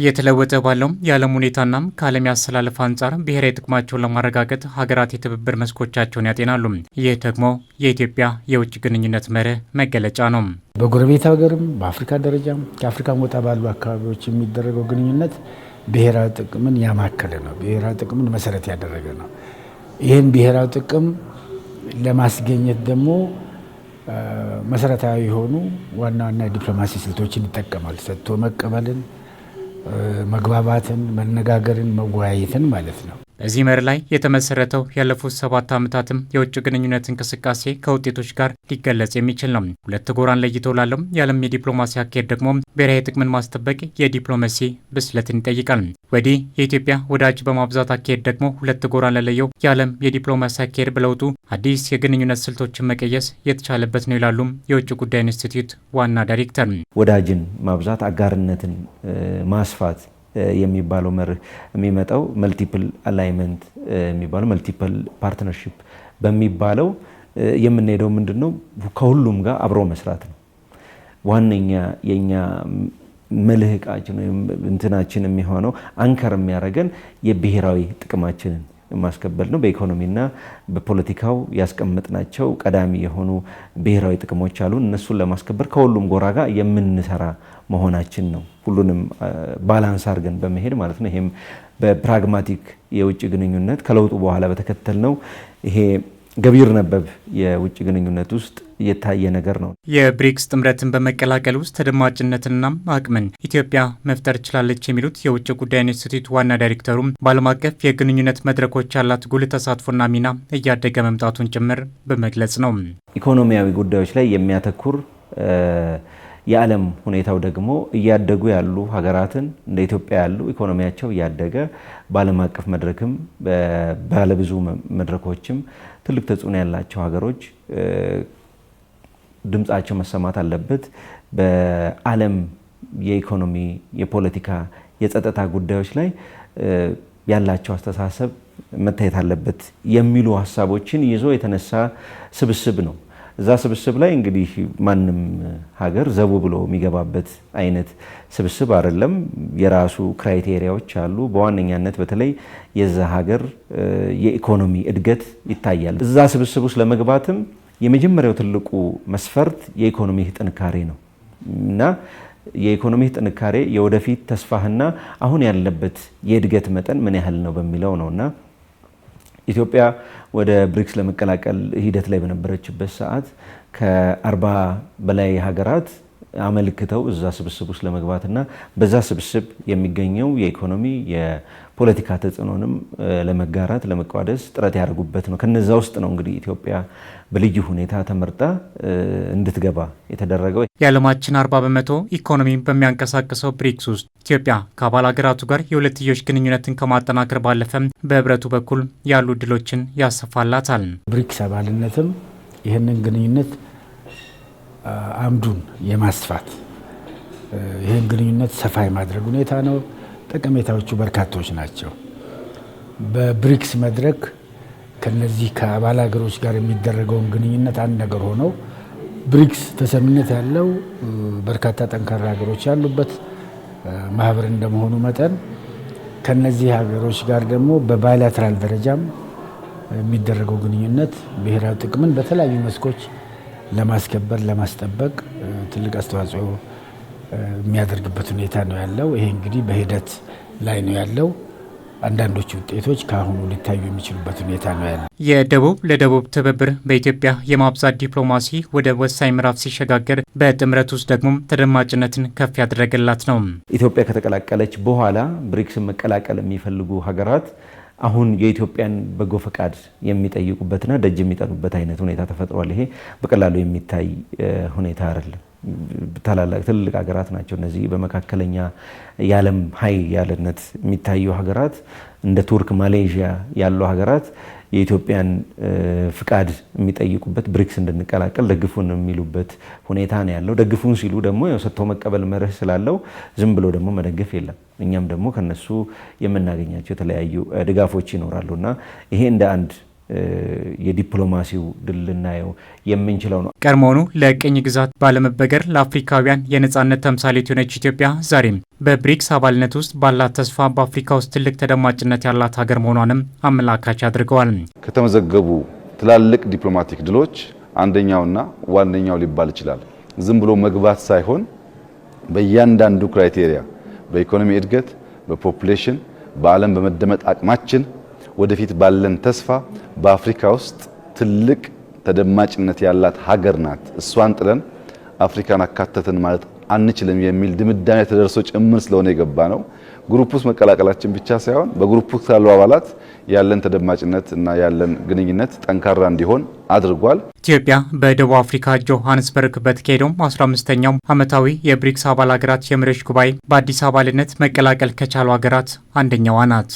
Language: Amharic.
እየተለወጠ ባለው የዓለም ሁኔታና ከዓለም ያሰላለፍ አንጻር ብሔራዊ ጥቅማቸውን ለማረጋገጥ ሀገራት የትብብር መስኮቻቸውን ያጤናሉ። ይህ ደግሞ የኢትዮጵያ የውጭ ግንኙነት መርህ መገለጫ ነው። በጎረቤት ሀገርም በአፍሪካ ደረጃም ከአፍሪካ ወጣ ባሉ አካባቢዎች የሚደረገው ግንኙነት ብሔራዊ ጥቅምን ያማከለ ነው። ብሔራዊ ጥቅምን መሰረት ያደረገ ነው። ይህን ብሔራዊ ጥቅም ለማስገኘት ደግሞ መሰረታዊ የሆኑ ዋና ዋና የዲፕሎማሲ ስልቶችን ይጠቀማል። ሰጥቶ መቀበልን መግባባትን፣ መነጋገርን፣ መወያየትን ማለት ነው። በዚህ መር ላይ የተመሰረተው ያለፉት ሰባት ዓመታትም የውጭ ግንኙነት እንቅስቃሴ ከውጤቶች ጋር ሊገለጽ የሚችል ነው። ሁለት ጎራን ለይተው ላለው የዓለም የዲፕሎማሲ አካሄድ ደግሞ ብሔራዊ ጥቅምን ማስጠበቅ የዲፕሎማሲ ብስለትን ይጠይቃል። ወዲህ የኢትዮጵያ ወዳጅ በማብዛት አካሄድ ደግሞ ሁለት ጎራን ለለየው የዓለም የዲፕሎማሲ አካሄድ በለውጡ አዲስ የግንኙነት ስልቶችን መቀየስ የተቻለበት ነው ይላሉም የውጭ ጉዳይ ኢንስቲትዩት ዋና ዳይሬክተር። ወዳጅን ማብዛት፣ አጋርነትን ማስፋት የሚባለው መርህ የሚመጣው መልቲፕል አላይመንት የሚባለው መልቲፕል ፓርትነርሺፕ በሚባለው የምንሄደው ምንድን ነው? ከሁሉም ጋር አብሮ መስራት ነው። ዋነኛ የኛ መልህቃችን ወይም እንትናችን የሚሆነው አንከር የሚያደርገን የብሔራዊ ጥቅማችንን ማስከበል ነው። በኢኮኖሚና በፖለቲካው ያስቀመጥናቸው ቀዳሚ የሆኑ ብሔራዊ ጥቅሞች አሉ እነሱን ለማስከበር ከሁሉም ጎራ ጋር የምንሰራ መሆናችን ነው። ሁሉንም ባላንስ አድርገን በመሄድ ማለት ነው። ይሄም በፕራግማቲክ የውጭ ግንኙነት ከለውጡ በኋላ በተከተል ነው ይሄ ገቢር ነበብ የውጭ ግንኙነት ውስጥ የታየ ነገር ነው። የብሪክስ ጥምረትን በመቀላቀል ውስጥ ተደማጭነትንና አቅምን ኢትዮጵያ መፍጠር ችላለች የሚሉት የውጭ ጉዳይ ኢንስቲትዩት ዋና ዳይሬክተሩም በዓለም አቀፍ የግንኙነት መድረኮች ያላት ጉልህ ተሳትፎና ሚና እያደገ መምጣቱን ጭምር በመግለጽ ነው። ኢኮኖሚያዊ ጉዳዮች ላይ የሚያተኩር የዓለም ሁኔታው ደግሞ እያደጉ ያሉ ሀገራትን እንደ ኢትዮጵያ ያሉ ኢኮኖሚያቸው እያደገ በዓለም አቀፍ መድረክም ባለብዙ መድረኮችም ትልቅ ተጽዕኖ ያላቸው ሀገሮች ድምፃቸው መሰማት አለበት። በዓለም የኢኮኖሚ፣ የፖለቲካ፣ የጸጥታ ጉዳዮች ላይ ያላቸው አስተሳሰብ መታየት አለበት የሚሉ ሀሳቦችን ይዞ የተነሳ ስብስብ ነው። እዛ ስብስብ ላይ እንግዲህ ማንም ሀገር ዘቡ ብሎ የሚገባበት አይነት ስብስብ አይደለም። የራሱ ክራይቴሪያዎች አሉ። በዋነኛነት በተለይ የዛ ሀገር የኢኮኖሚ እድገት ይታያል። እዛ ስብስብ ውስጥ ለመግባትም የመጀመሪያው ትልቁ መስፈርት የኢኮኖሚ ጥንካሬ ነው እና የኢኮኖሚ ጥንካሬ የወደፊት ተስፋህና አሁን ያለበት የእድገት መጠን ምን ያህል ነው በሚለው ነው እና ኢትዮጵያ ወደ ብሪክስ ለመቀላቀል ሂደት ላይ በነበረችበት ሰዓት ከአርባ በላይ ሀገራት አመልክተው እዛ ስብስብ ውስጥ ለመግባትና በዛ ስብስብ የሚገኘው የኢኮኖሚ ፖለቲካ ተጽዕኖንም ለመጋራት ለመቋደስ ጥረት ያደርጉበት ነው። ከነዛ ውስጥ ነው እንግዲህ ኢትዮጵያ በልዩ ሁኔታ ተመርጣ እንድትገባ የተደረገው። የዓለማችን አርባ በመቶ ኢኮኖሚን በሚያንቀሳቅሰው ብሪክስ ውስጥ ኢትዮጵያ ከአባል ሀገራቱ ጋር የሁለትዮሽ ግንኙነትን ከማጠናከር ባለፈም በህብረቱ በኩል ያሉ ድሎችን ያሰፋላታል። ብሪክስ አባልነትም ይህንን ግንኙነት አምዱን የማስፋት ይህን ግንኙነት ሰፋ የማድረግ ሁኔታ ነው። ጠቀሜታዎቹ በርካቶች ናቸው። በብሪክስ መድረክ ከነዚህ ከአባል ሀገሮች ጋር የሚደረገውን ግንኙነት አንድ ነገር ሆነው ብሪክስ ተሰሚነት ያለው በርካታ ጠንካራ ሀገሮች ያሉበት ማህበር እንደመሆኑ መጠን ከነዚህ ሀገሮች ጋር ደግሞ በባይላትራል ደረጃም የሚደረገው ግንኙነት ብሔራዊ ጥቅምን በተለያዩ መስኮች ለማስከበር፣ ለማስጠበቅ ትልቅ አስተዋጽኦ የሚያደርግበት ሁኔታ ነው ያለው። ይሄ እንግዲህ በሂደት ላይ ነው ያለው። አንዳንዶቹ ውጤቶች ከአሁኑ ሊታዩ የሚችሉበት ሁኔታ ነው ያለ። የደቡብ ለደቡብ ትብብር በኢትዮጵያ የማብዛት ዲፕሎማሲ ወደ ወሳኝ ምዕራፍ ሲሸጋገር በጥምረት ውስጥ ደግሞ ተደማጭነትን ከፍ ያደረገላት ነው። ኢትዮጵያ ከተቀላቀለች በኋላ ብሪክስን መቀላቀል የሚፈልጉ ሀገራት አሁን የኢትዮጵያን በጎ ፈቃድ የሚጠይቁበትና ደጅ የሚጠኑበት አይነት ሁኔታ ተፈጥሯል። ይሄ በቀላሉ የሚታይ ሁኔታ አይደለም። ታላላቅ ትልልቅ ሀገራት ናቸው። እነዚህ በመካከለኛ የዓለም ሀይ ያለነት የሚታዩ ሀገራት እንደ ቱርክ፣ ማሌዥያ ያሉ ሀገራት የኢትዮጵያን ፍቃድ የሚጠይቁበት ብሪክስ እንድንቀላቀል ደግፉን የሚሉበት ሁኔታ ነው ያለው። ደግፉን ሲሉ ደግሞ ሰጥቶ መቀበል መርህ ስላለው ዝም ብሎ ደግሞ መደገፍ የለም። እኛም ደግሞ ከነሱ የምናገኛቸው የተለያዩ ድጋፎች ይኖራሉ እና ይሄ እንደ አንድ የዲፕሎማሲው ድል ልናየው የምንችለው ነው። ቀድሞውኑ ለቅኝ ግዛት ባለመበገር ለአፍሪካውያን የነፃነት ተምሳሌት የሆነች ኢትዮጵያ ዛሬም በብሪክስ አባልነት ውስጥ ባላት ተስፋ በአፍሪካ ውስጥ ትልቅ ተደማጭነት ያላት ሀገር መሆኗንም አመላካች አድርገዋል። ከተመዘገቡ ትላልቅ ዲፕሎማቲክ ድሎች አንደኛውና ዋነኛው ሊባል ይችላል። ዝም ብሎ መግባት ሳይሆን በእያንዳንዱ ክራይቴሪያ በኢኮኖሚ እድገት፣ በፖፕሌሽን፣ በዓለም በመደመጥ አቅማችን ወደፊት ባለን ተስፋ በአፍሪካ ውስጥ ትልቅ ተደማጭነት ያላት ሀገር ናት። እሷን ጥለን አፍሪካን አካተትን ማለት አንችልም የሚል ድምዳሜ ተደርሶ ጭምር ስለሆነ የገባ ነው። ግሩፕ ውስጥ መቀላቀላችን ብቻ ሳይሆን በግሩፕ ውስጥ ያሉ አባላት ያለን ተደማጭነት እና ያለን ግንኙነት ጠንካራ እንዲሆን አድርጓል። ኢትዮጵያ በደቡብ አፍሪካ ጆሃንስበርግ በተካሄደው 15ኛው ዓመታዊ የብሪክስ አባል ሀገራት የመሪዎች ጉባኤ በአዲስ አባልነት መቀላቀል ከቻሉ ሀገራት አንደኛዋ ናት።